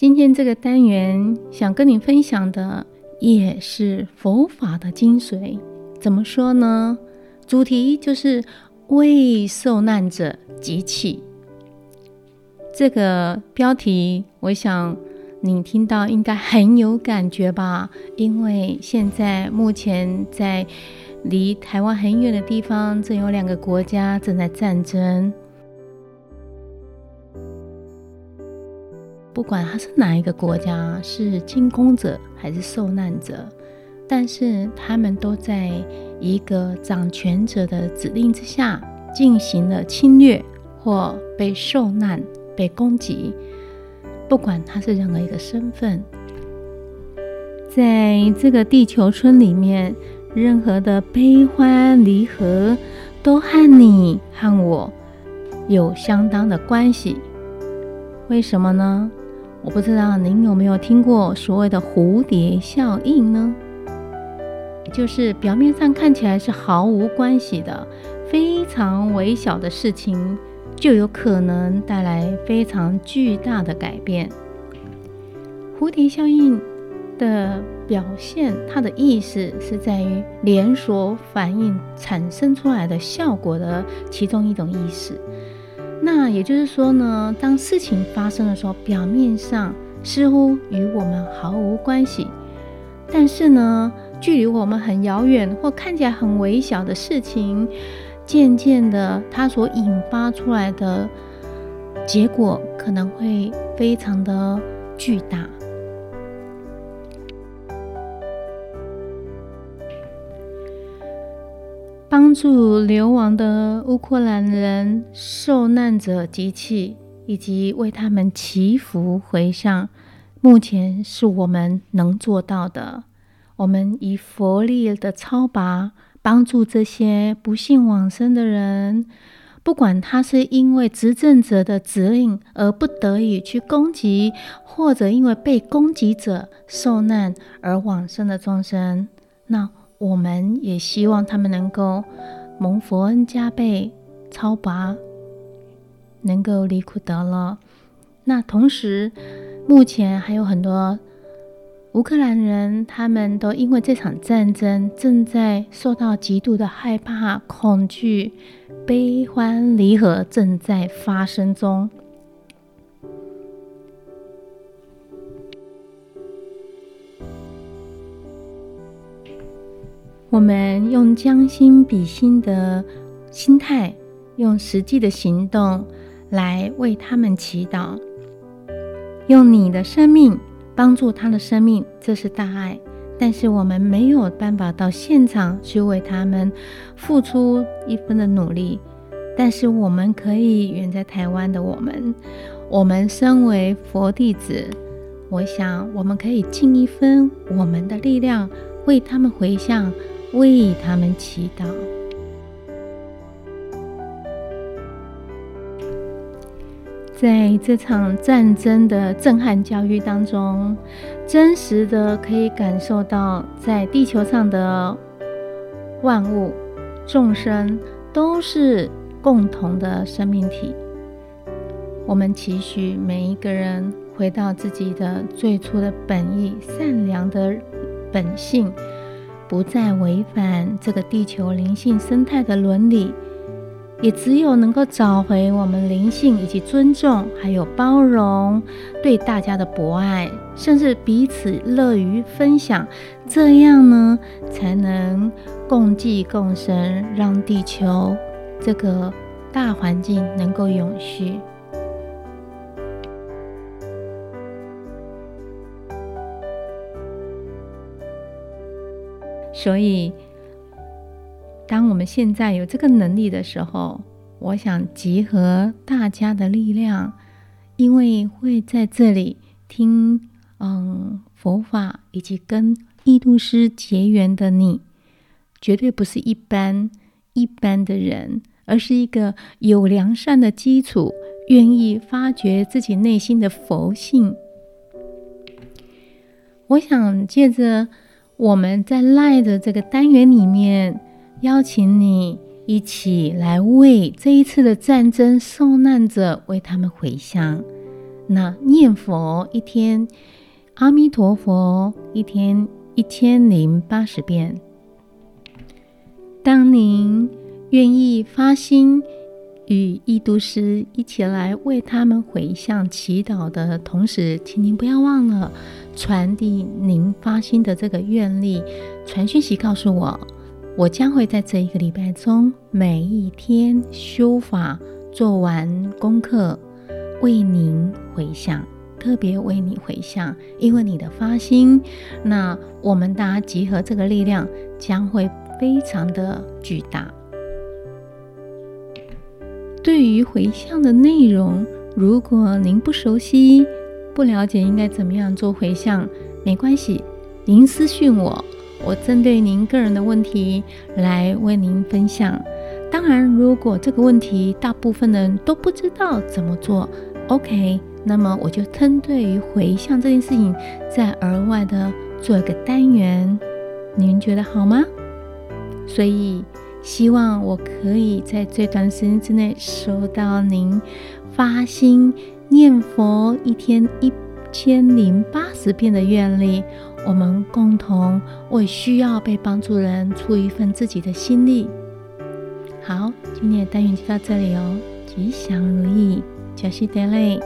今天這個單元想跟你分享的也是佛法的精髓，怎麼說呢？主題就是為受難者集氣。這個標題，我想你聽到應該很有感覺吧？因為現在目前在離台灣很遠的地方，正有兩個國家正在戰爭。不管他是哪一個國家，是進攻者還是受難者，但是他們都在一個掌權者的指令之下進行了侵略或被受難、被攻擊。不管他是任何一個身份。在這個地球村裡面，任何的悲歡離合都和你和我有相當的關係。為什麼呢？我不知道您有沒有聽過所謂的蝴蝶效應呢？就是表面上看起來是毫無關係的，非常微小的事情就有可能帶來非常巨大的改變。蝴蝶效應的表現，它的意思是在於連鎖反應產生出來的效果的其中一種意思。那也就是說呢，當事情發生的時候，表面上似乎與我們毫無關係，但是呢，距離我們很遙遠或看起來很微小的事情，漸漸的，它所引發出來的結果可能會非常的巨大。幫助流亡的烏克蘭人、受難者集氣，以及為他們祈福回向，目前是我們能做到的。我們以佛力的超拔，幫助這些不幸往生的人，不管他是因為執政者的指令而不得已去攻擊，或者因為被攻擊者受難而往生的眾生，那，我們也希望他們能夠蒙佛恩加被超拔，能夠離苦得樂。那同時，目前還有很多烏克蘭人，他們都因為這場戰爭正在受到極度的害怕、恐懼、悲歡離合正在發生中。我們用將心比心的心態，用實際的行動來為他們祈禱，用你的生命幫助他的生命，這是大愛。但是我們沒有辦法到現場去為他們付出一分的努力，但是我們可以遠在台灣的我們，我們身為佛弟子，我想我們可以盡一分我們的力量，為他們回向。為他們祈禱。在這場戰爭的震撼教育當中，真實的可以感受到，在地球上的萬物眾生都是共同的生命體。我們期許每一個人回到自己的最初的本意、善良的本性。不再違反這個地球靈性生態的倫理，也只有能夠找回我們靈性，以及尊重，還有包容，對大家的博愛，甚至彼此樂於分享，這樣呢，才能共濟共生，讓地球這個大環境能夠永續。所以，當我們現在有這個能力的時候，我想集合大家的力量，因為會在這裡聽嗯佛法，以及跟易度師結緣的你，絕對不是一般一般的人，而是一個有良善的基礎，願意發掘自己內心的佛性。我想借着。我們在賴的這個單元裡面，邀請你一起來為這一次的戰爭受難者，為他們回向。那念佛一天，阿彌陀佛一天一千零八十遍。當您願意發心。與義都師一起來為他們回向祈禱的同時，請您不要忘了傳遞您發心的這個願力。傳訊息告訴我，我將會在這一個禮拜中每一天修法，做完功課，為您回向，特別為你回向，因為你的發心，那我們大家集合這個力量，將會非常的巨大。對於回向的內容，如果您不熟悉，不了解，應該怎麼樣做回向，沒關係，您私信我，我針對您個人的問題來為您分享。當然，如果這個問題大部分人都不知道怎麼做，OK，那麼我就針對於回向這件事情再額外的做一個單元，您覺得好嗎？所以。希望我可以在最短時間之內收到您發心念佛一天一千零八十遍的願力，我們共同為需要被幫助人出一份自己的心力。好，今天的單元就到這裡哦，吉祥如意，扎西德勒。